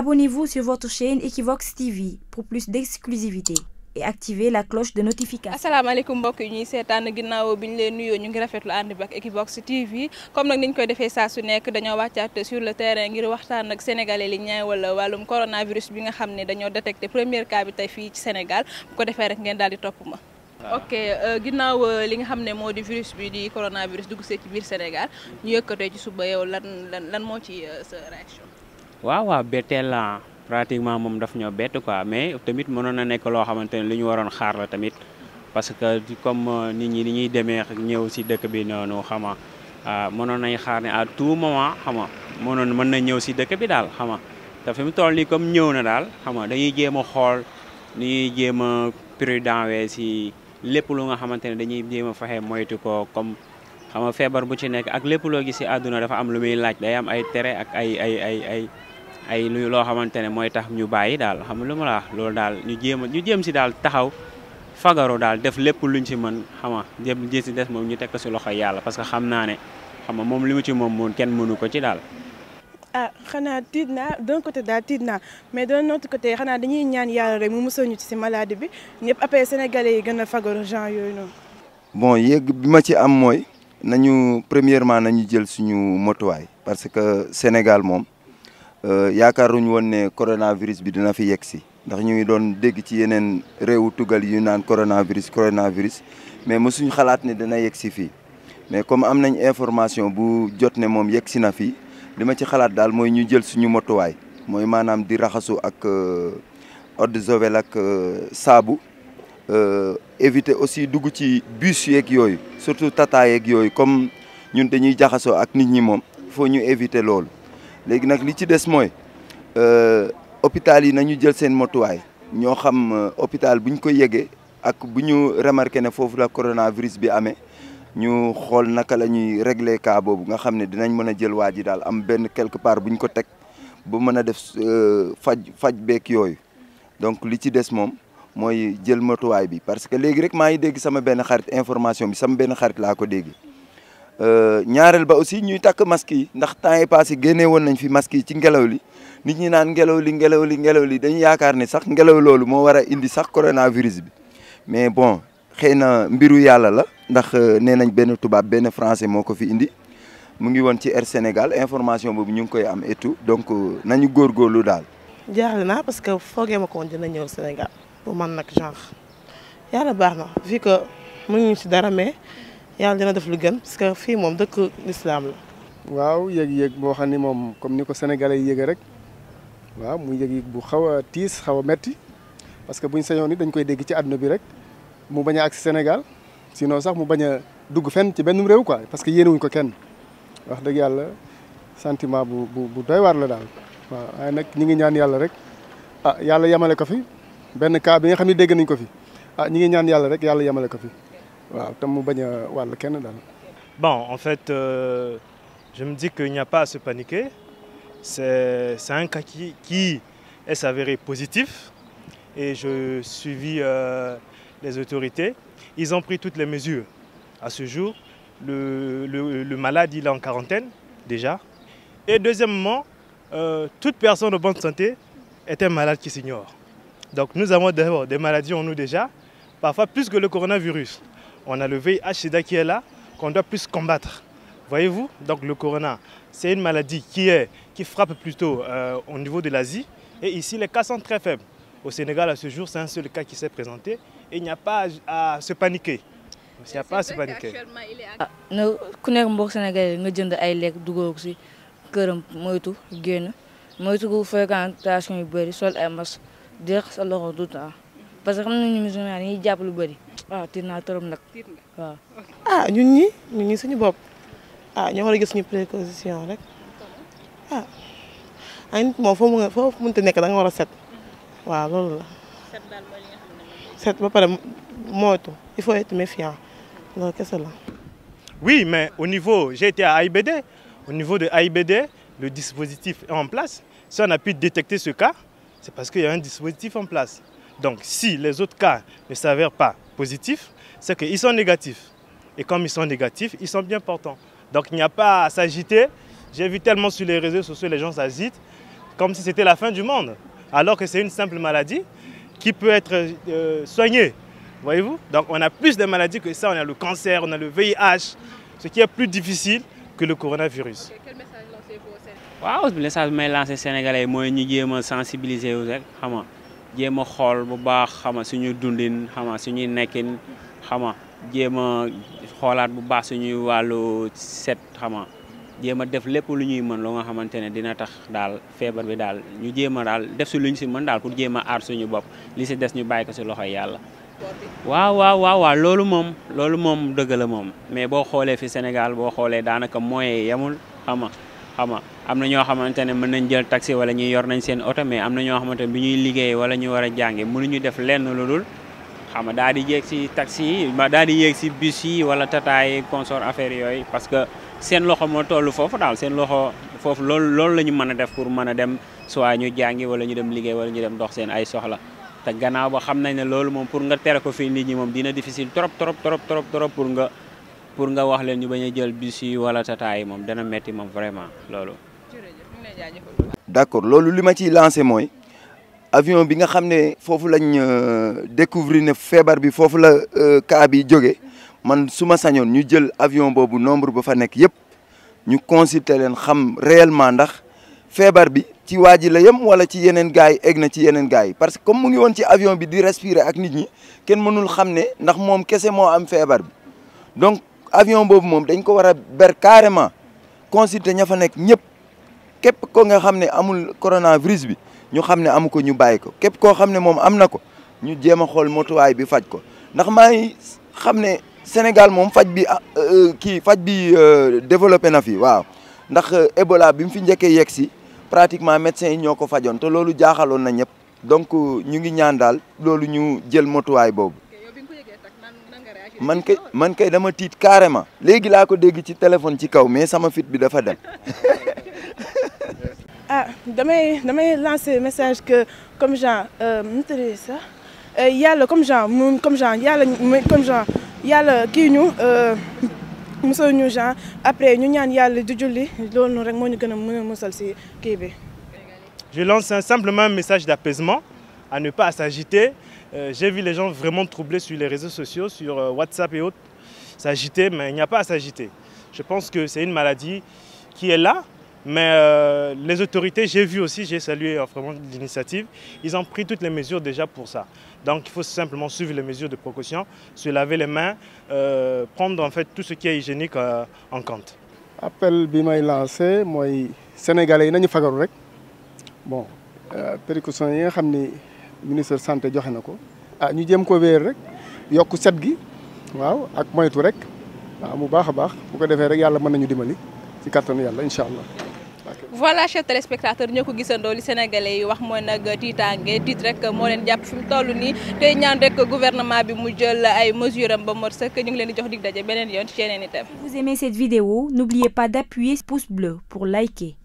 Abonnez-vous sur votre chaîne Equivox TV pour plus d'exclusivité et activez la cloche de notification. asalaamaaleykum mbokk yi ñuy seetaan ginnaaw bi ñu leen nuyoo ñu ngi rafetlu ànd bi ak Equivox TV comme nag ñu koy defee saa su nekk dañoo wàccaat sur le terrain ngir waxtaan ak sénégalais li ñeewal wàllum coronavirus bi nga xam ne dañoo détecté premier cas bi tey fii ci Sénégal bu ko defee rek ngeen daal di topp ma. ok euh, ginnaaw euh, li nga xam ne moo di virus bi di coronavirus dugg see ci biir Sénégal ñu yëkkatee ci suba yow lan lan lan moo ci euh, sa waaw waaw betteel la pratiquement moom daf ñoo bett quoi mais tamit mënoon na nekk loo xamante ne lu ñu waroon xaar la tamit parce que comme euh, nit ñi ni ñuy demee ñëw si dëkk bi noonu xama ah, mënoon nañ xaar ne à tout moment xama mënoon mën na ñëw si dëkk bi daal xama te fi mu toll nii comme ñëw na daal xama dañuy jéem a xool ni ñuy jéem a prudent wee si lépp lu nga xamante ne dañuy jéem a fexe moytu ko comme xam nga feebar bu ci nekk ak lépp loo gis ci àdduna dafa am lu muy laaj day am ay tere ak ay ay ay ay ay lu loo xamante ne mooy tax ñu bàyyi daal xam nga lu ma la loolu daal ñu jéem ñu jéem ci daal taxaw fagaru daal def lépp luñ si mën xam jëm jéem ci des moom ñu teg ko ci loxo yàlla parce que xam naa ne xam nga moom li mu ci moom moom kenn mënu ko ci daal. ah xanaa tiit naa d'un côté daal tiit naa mais d'un autre côté xanaa dañuy ñaan yàlla rek mu musal ñu ci si maladie bi ñëpp après sénégalais yi gën a fagaru genre yooyu noonu. bon ma ci am mooy. nañu premièrement nañu jël suñu motuwaay parce que Sénégal moom euh, yaakaaruñu woon ne coronavirus bi dina fi yegg si ndax ñu ngi doon dégg ci yeneen réewu tugal yu naan coronavirus coronavirus mais mosuñu xalaat ne dana yegg si fii mais comme am nañ information bu jot ne moom yegg si na fii li ma ci xalaat daal mooy ñu jël suñu motuwaay mooy maanaam di raxasu ak euh, eau de javel ak euh, saabu Euh, éviter aussi dugg ci bus yeeg yooyu surtout tata yeeg yooyu comme ñun dañuy jaxasoo ak nit ñi moom foo ñu éviter loolu léegi nag li ci des mooy euh, hôpital yi nañu jël seen motuwaay ñoo xam euh, hôpital bu ñu ko yegee ak bu ñu remarqué ne foofu la coronavirus bi amee ñu xool naka la ñuy régler cas boobu nga xam ne dinañ mën a jël waa ji daal am benn quelque part bu ñu ko teg bu mën a def faj faj beek yooyu donc li ci des moom. mooy jël matuwaay bi parce que léegi rek maa ngi dégg sama benn xarit information bi sama benn xarit laa ko dégg euh, ñaareel ba aussi ñuy takk masque yi ndax temps yi passé génnee woon nañ fi masque yi ci ngelaw li nit ñi naan ngelaw li ngelaw li ngelaw li dañu yaakaar ne sax ngelaw loolu moo war a indi sax coronavirus bi mais bon xëy na mbiru yàlla la ndax euh, nee nañ benn tubaab benn français moo ko fi indi mu ngi woon ci Air Sénégal information boobu ñu ngi koy am et tout donc euh, nañu góorgóorlu daal. Sénégal. pour man nag genre yàlla baax na vu que mënuñu ci dara mais yàlla def lu gën parce que fii moom dëkk lislaam la. waaw yëg yéeg boo xam ni moom comme ni ko sénégalais yi rek waaw muy yëg bu xaw a tiis xaw a metti parce que buñ sañoon ni dañ koy dégg ci àdduna bi rek mu bañ a agsi Sénégal sinon sax mu bañ a dugg fenn ci benn réew quoi parce que yéenewuñ ko kenn wax dëgg yàlla sentiment bu bu doy waar la daal waaw waaye nag ñi ngi ñaan yàlla rek ah yàlla yemale ko fi. benn cas bi nga xam ne dégg nañ ko fi ah ñi ngi ñaan yàlla rek yàlla yemale ko fi waaw te mu bañ wàll kenn daal. bon en fait euh, je me dis que il n'y a pas à se paniquer c'est c'est un cas qui est s'avéré positif et je suivis euh, les autorités ils ont pris toutes les mesures à ce jour le le le malade il est en quarantaine déjà et deuxièmement euh, toute personne de bonne santé est un malade qui s'ignore Donc nous avons d'abord des maladies en nous déjà, parfois plus le coronavirus. On a le vih qui est là, qu'on doit plus combattre. Voyez-vous Donc le corona, c'est une maladie qui, frappe plutôt euh, au niveau de l'Asie. Et ici, les cas sont très faibles. Au Sénégal, à ce jour, c'est un seul cas qui s'est présenté. il n'y a pas à, se paniquer. Il Nous connaissons les Sénégalais, nous avons des gens qui ont des gens qui ont des gens qui ont des gens qui di rax sa loxo tout temps parce que xam nañu musulman dañuy jàpp lu bëri waaw ah, tiit naa trop nag waaw. ah ñun ñi ñun ñi suñu bopp ah ñoo war a gis suñu précaution rek ah ay nit moom foo mën foo mënta nekk da nga war a set waaw loolu la. set daal mooy li nga xam ne set ba pare moytu il faut être méfiant loolu kese la. Oui, mais au niveau, j'ai été à AIBD, au niveau de AIBD, le dispositif est en place. Si on a pu détecter ce cas, c'est parce qu'il y a un dispositif en place. Donc si les autres cas ne s'avèrent pas positifs, c'est qu'ils sont négatifs. Et comme ils sont négatifs, ils sont bien portants. Donc il n'y a pas à s'agiter. J'ai vu tellement sur les réseaux sociaux, les gens s'agitent comme si c'était la fin du monde, alors que c'est une simple maladie qui peut être euh, soignée. Voyez-vous Donc on a plus de maladies que ça, on a le cancer, on a le VIH, ce qui est plus difficile que le coronavirus. waaw message bi may lancé Sénégalais mooy ñu jéem a sensibiliser wu rek xam jéem a xool bu baax xam nga suñu dundin xam nga suñuy nekkin xama nga jéem a xoolaat bu baax suñuy wàllu set xam nga jéem a def lépp lu ñuy mën loo nga xamante ne dina tax daal feebar bi daal ñu jéem a daal def si lu ñu si mën daal pour jéem a aar suñu bopp li si des ñu bàyyi ko si loxo yàlla. waaw waaw waaw loolu moom loolu moom la moom mais boo xoolee fi Sénégal boo xoolee daanaka moyen yemul xam nga am na ñoo xamante ne mën nañ jël taxi wala ñuy yor nañ seen oto mais am na ñoo xamante ne bi ñuy liggéey wala ñu war a jàngi mënuñu def lenn lu dul xam nga daal di yéeg si taxi yi daal di yéeg si bus yi wala tata yi consort yooyu parce que seen loxo moo toll foofu daal seen loxo foofu loolu loolu la ñu mën a def pour mën a dem soit ñu jàngi wala ñu dem liggéey wala ñu dem ndox seen ay soxla te gannaaw ba xam nañ ne loolu moom pour nga tere ko fii nit ñi moom dina difficile trop trop trop trop trop pour nga pour nga wax leen ñu bañ a jël bus yi wala tata yi moom dana metti moom vraiment loolu d' accord loolu li ma ciy lancé mooy avion bi nga xam ne foofu lañ euh, découvrir ne feebar bi foofu la euh, cas bi jóge man su ma sañoon ñu jël avion boobu nombre ba fa nekk yëpp ñu consulter leen xam réellement ndax feebar bi ci waa ji la yem wala ci yeneen gaay yi egg na ci yeneen gaay yi parce que comme mu ngi woon ci avion bi di respirer ak nit ñi kenn mënul xam ne ndax moom kese moo am feebar bi donc avion boobu moom dañ ko war a ber carrément consulter ña fa nekk ñëpp. képp ko nga xam ne amul coronavirus bi ñu xam ne amu ko ñu bàyyi ko képp koo xam ne moom am na ko ñu jéem a xool motuwaay bi faj ko ndax maa ngi xam ne Sénégal moom faj bi ah, euh, kii faj bi euh, développé na fi waaw ndax euh, Ebola bi mu fi njëkkee yegg si pratiquement médecins yi ñoo ko fajoon te loolu jaaxaloon na ñëpp donc ñu ngi ñaan daal loolu ñu jël motuwaay boobu. man kay man kay dama tiit carrément. léegi laa ko dégg ci téléphone ci kaw mais sama fit bi dafa dem. ah damay damay lancer message que comme genre euh, nu tëddee sax euh, yàlla comme genre moom comme genre yàlla comme genre yàlla kii ñu euh, musal ñu genre après ñu ñaan yàlla di julli loolu noonu rek moo ñu gën a mën a musal si kii bi. je lance un simplement un message d'apaisement à ne pas s'agiter euh, j'ai vu les gens vraiment troublés sur les réseaux sociaux sur euh, WhatsApp et autres s'agiter mais il n'y a pas à s'agiter je pense que c'est une maladie qui est là Mais euh, les autorités, j'ai vu aussi, j'ai salué euh, vraiment l'initiative, ils ont pris toutes les mesures déjà pour ça. Donc il faut simplement suivre les mesures de précaution, se laver les mains, euh, prendre en fait tout ce qui est hygiénique euh, en compte. Appel bi may lancé mooy sénégalais yi nañu fagaru rek bon euh, précaution yi nga xam ni ministre santé joxe na ko ah ñu jéem ko wéer rek yokk set gi waaw ak moytu rek waaw ah, mu baax a baax bu ko defee rek yàlla mën nañu dimbali ci kàttanu yàlla incha allah. voilà chers téléspectateurs ñoo ko gisandoo li sénégalais yi wax mooy nag tiitaange tiit rek moo leen jàpp fi mu toll nii tey ñaan rek gouvernement bi mu jël ay mesures am ba mot sëkk ñu ngi leen di jox dig daje beneen yoon ci yeneen itam. Si vous aimez cette vidéo n'oubliez pas d'appuyer ce pouce bleu pour liker.